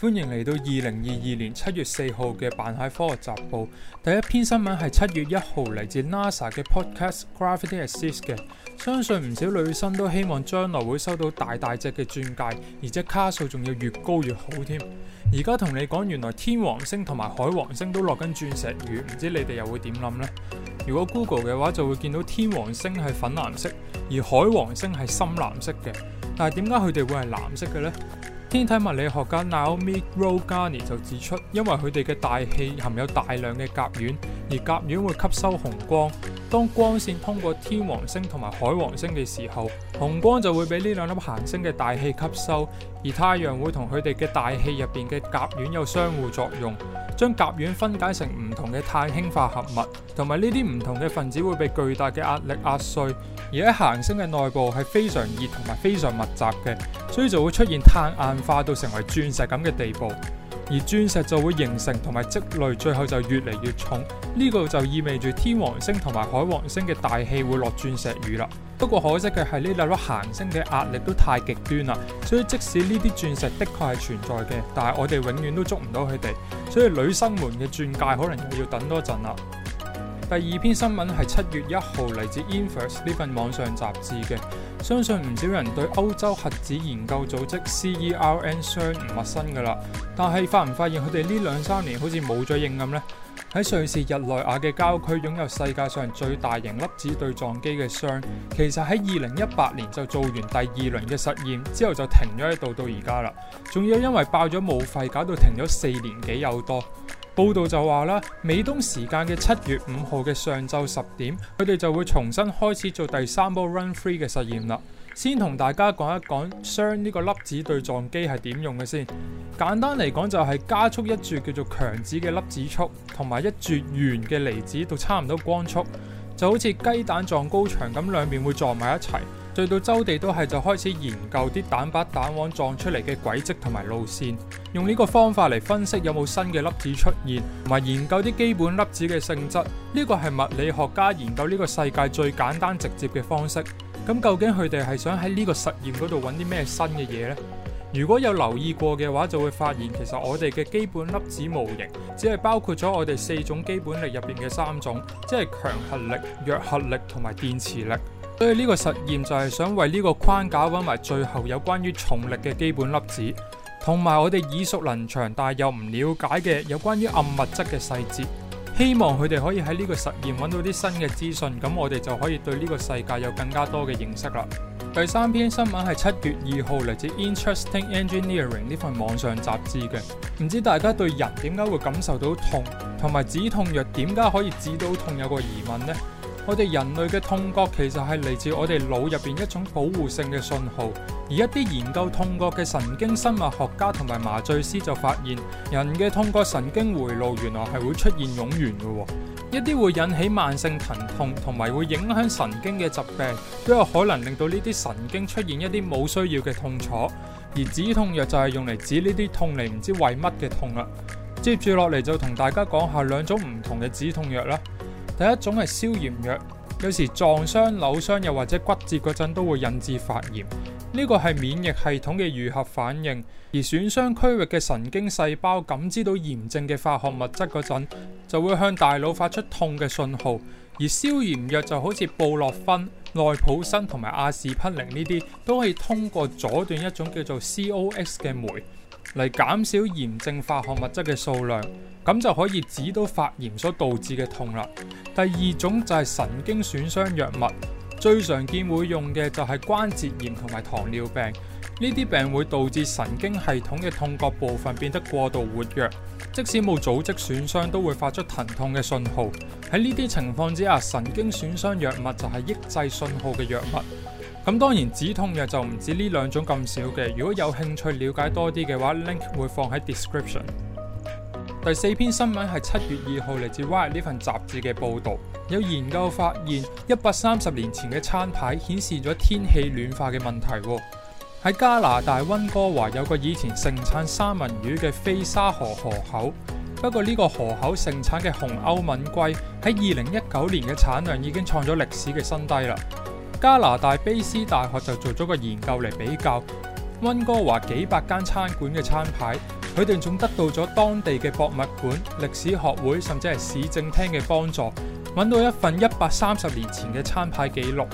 歡迎嚟到二零二二年七月四號嘅扮蟹科學雜報。第一篇新聞係七月一號嚟自 NASA 嘅 Podcast Gravity Assist 嘅。相信唔少女生都希望將來會收到大大隻嘅鑽戒，而且卡數仲要越高越好添。而家同你講，原來天王星同埋海王星都落緊鑽石雨，唔知你哋又會點諗呢？如果 Google 嘅話，就會見到天王星係粉藍色，而海王星係深藍色嘅。但係點解佢哋會係藍色嘅呢？天體物理學家 Naomi Rogani 就指出，因為佢哋嘅大氣含有大量嘅甲烷。而甲烷會吸收紅光，當光線通過天王星同埋海王星嘅時候，紅光就會俾呢兩粒行星嘅大氣吸收。而太陽會同佢哋嘅大氣入邊嘅甲烷有相互作用，將甲烷分解成唔同嘅碳氫化合物，同埋呢啲唔同嘅分子會被巨大嘅壓力壓碎。而喺行星嘅內部係非常熱同埋非常密集嘅，所以就會出現碳硬化到成為鑽石咁嘅地步。而鑽石就會形成同埋積累，最後就越嚟越重。呢、這個就意味住天王星同埋海王星嘅大氣會落鑽石雨啦。不過可惜嘅係呢兩粒行星嘅壓力都太極端啦，所以即使呢啲鑽石的確係存在嘅，但係我哋永遠都捉唔到佢哋。所以女生們嘅鑽戒可能又要等多陣啦。第二篇新聞係七月一號嚟自 Inverse 呢份網上雜誌嘅。相信唔少人對歐洲核子研究組織 CERN 商唔陌生噶啦，但係發唔發現佢哋呢兩三年好似冇咗應咁呢？喺瑞士日內瓦嘅郊區擁有世界上最大型粒子對撞機嘅商，其實喺二零一八年就做完第二輪嘅實驗，之後就停咗一度到而家啦，仲要因為爆咗冇費，搞到停咗四年幾又多。報道就話啦，美東時間嘅七月五號嘅上晝十點，佢哋就會重新開始做第三波 Run Three 嘅實驗啦。先同大家講一講 CERN 呢個粒子對撞機係點用嘅先。簡單嚟講就係加速一注叫做強子嘅粒子速，同埋一注圓嘅離子到差唔多光速，就好似雞蛋撞高牆咁，兩面會撞埋一齊。去到周地都係，就開始研究啲蛋白蛋黃撞出嚟嘅軌跡同埋路線，用呢個方法嚟分析有冇新嘅粒子出現，同埋研究啲基本粒子嘅性質。呢個係物理學家研究呢個世界最簡單直接嘅方式。咁究竟佢哋係想喺呢個實驗嗰度揾啲咩新嘅嘢呢？如果有留意過嘅話，就會發現其實我哋嘅基本粒子模型只係包括咗我哋四種基本力入邊嘅三種，即係強核力、弱核力同埋電磁力。所以呢個實驗就係想為呢個框架揾埋最後有關於重力嘅基本粒子，同埋我哋耳熟能詳但係又唔了解嘅有關於暗物質嘅細節。希望佢哋可以喺呢個實驗揾到啲新嘅資訊，咁我哋就可以對呢個世界有更加多嘅認識啦。第三篇新聞係七月二號嚟自《Interesting Engineering》呢份網上雜誌嘅，唔知大家對人點解會感受到痛，同埋止痛藥點解可以止到痛有個疑問呢？我哋人類嘅痛覺其實係嚟自我哋腦入邊一種保護性嘅信號，而一啲研究痛覺嘅神經生物學家同埋麻醉師就發現，人嘅痛覺神經回路原來係會出現冗餘嘅，一啲會引起慢性疼痛同埋會影響神經嘅疾病，都有可能令到呢啲神經出現一啲冇需要嘅痛楚，而止痛藥就係用嚟止呢啲痛嚟，唔知為乜嘅痛啦、啊。接住落嚟就同大家講下兩種唔同嘅止痛藥啦。第一種係消炎藥，有時撞傷、扭傷又或者骨折嗰陣都會引致發炎，呢個係免疫系統嘅愈合反應。而損傷區域嘅神經細胞感知到炎症嘅化學物質嗰陣，就會向大腦發出痛嘅信號。而消炎藥就好似布洛芬、奈普生同埋阿士匹靈呢啲，都可以通過阻斷一種叫做 COX 嘅酶。嚟減少炎症化學物質嘅數量，咁就可以止到發炎所導致嘅痛啦。第二種就係神經損傷藥物，最常見會用嘅就係關節炎同埋糖尿病。呢啲病會導致神經系統嘅痛覺部分變得過度活躍，即使冇組織損傷都會發出疼痛嘅信號。喺呢啲情況之下，神經損傷藥物就係抑制信號嘅藥物。咁當然止痛藥就唔止呢兩種咁少嘅，如果有興趣了解多啲嘅話，link 會放喺 description。第四篇新聞係七月二號嚟自《Wired》呢份雜誌嘅報道，有研究發現一百三十年前嘅餐牌顯示咗天氣暖化嘅問題喎。喺加拿大溫哥華有個以前盛產三文魚嘅菲沙河河口，不過呢個河口盛產嘅紅歐敏龜喺二零一九年嘅產量已經創咗歷史嘅新低啦。加拿大卑斯大學就做咗個研究嚟比較溫哥華幾百間餐館嘅餐牌，佢哋仲得到咗當地嘅博物館、歷史學會甚至係市政廳嘅幫助，揾到一份一百三十年前嘅餐牌記錄，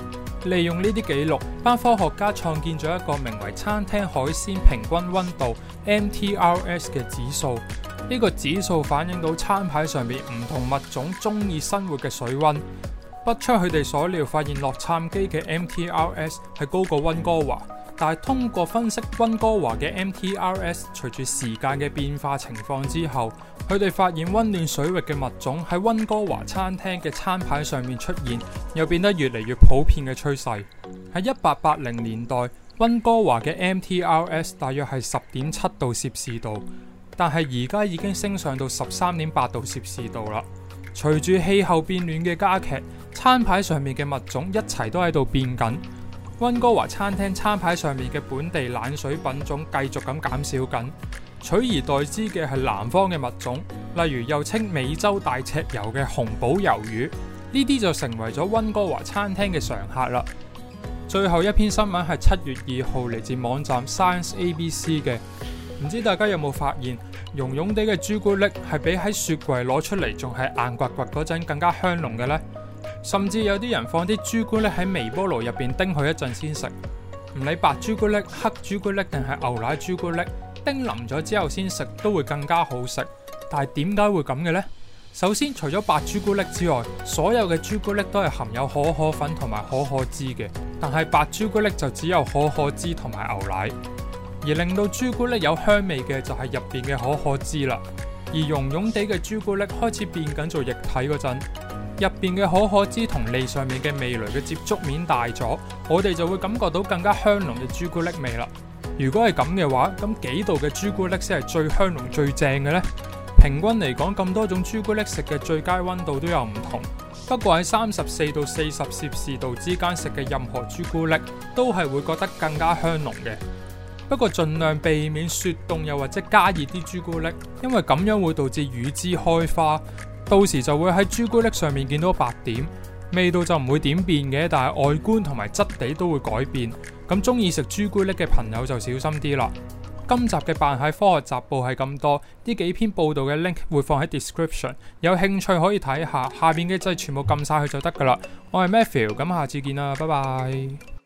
利用呢啲記錄，班科學家創建咗一個名為餐廳海鮮平均溫度 （MTRS） 嘅指數，呢、這個指數反映到餐牌上面唔同物種中意生活嘅水溫。不出佢哋所料，發現洛杉磯嘅 MTRS 係高過溫哥華，但係通過分析溫哥華嘅 MTRS 隨住時間嘅變化情況之後，佢哋發現溫暖水域嘅物種喺溫哥華餐廳嘅餐牌上面出現，又變得越嚟越普遍嘅趨勢。喺一八八零年代，溫哥華嘅 MTRS 大約係十點七度攝氏度，但係而家已經升上到十三點八度攝氏度啦。隨住氣候變暖嘅加劇，餐牌上面嘅物種一齊都喺度變緊。溫哥華餐廳餐牌上面嘅本地冷水品種繼續咁減少緊，取而代之嘅係南方嘅物種，例如又稱美洲大赤魷嘅紅寶魷魚，呢啲就成為咗溫哥華餐廳嘅常客啦。最後一篇新聞係七月二號嚟自網站 Science ABC 嘅，唔知大家有冇發現？溶溶哋嘅朱古力係比喺雪櫃攞出嚟仲係硬刮刮嗰陣更加香濃嘅呢。甚至有啲人放啲朱古力喺微波爐入邊叮佢一陣先食。唔理白朱古力、黑朱古力定係牛奶朱古力，叮淋咗之後先食都會更加好食。但係點解會咁嘅呢？首先，除咗白朱古力之外，所有嘅朱古力都係含有可可粉同埋可可脂嘅，但係白朱古力就只有可可脂同埋牛奶。而令到朱古力有香味嘅就係入邊嘅可可脂啦。而溶溶哋嘅朱古力開始變緊做液體嗰陣，入邊嘅可可脂同脷上面嘅味蕾嘅接觸面大咗，我哋就會感覺到更加香濃嘅朱古力味啦。如果係咁嘅話，咁幾度嘅朱古力先係最香濃最正嘅咧？平均嚟講，咁多種朱古力食嘅最佳溫度都有唔同。不過喺三十四到四十攝氏度之間食嘅任何朱古力都係會覺得更加香濃嘅。不過盡量避免雪凍又或者加熱啲朱古力，因為咁樣會導致乳脂開花，到時就會喺朱古力上面見到白點，味道就唔會點變嘅，但係外觀同埋質地都會改變。咁中意食朱古力嘅朋友就小心啲啦。今集嘅扮蟹科學雜報係咁多，呢幾篇報道嘅 link 會放喺 description，有興趣可以睇下。下邊嘅掣全部撳晒佢就得噶啦。我係 Matthew，咁下次見啦，拜拜。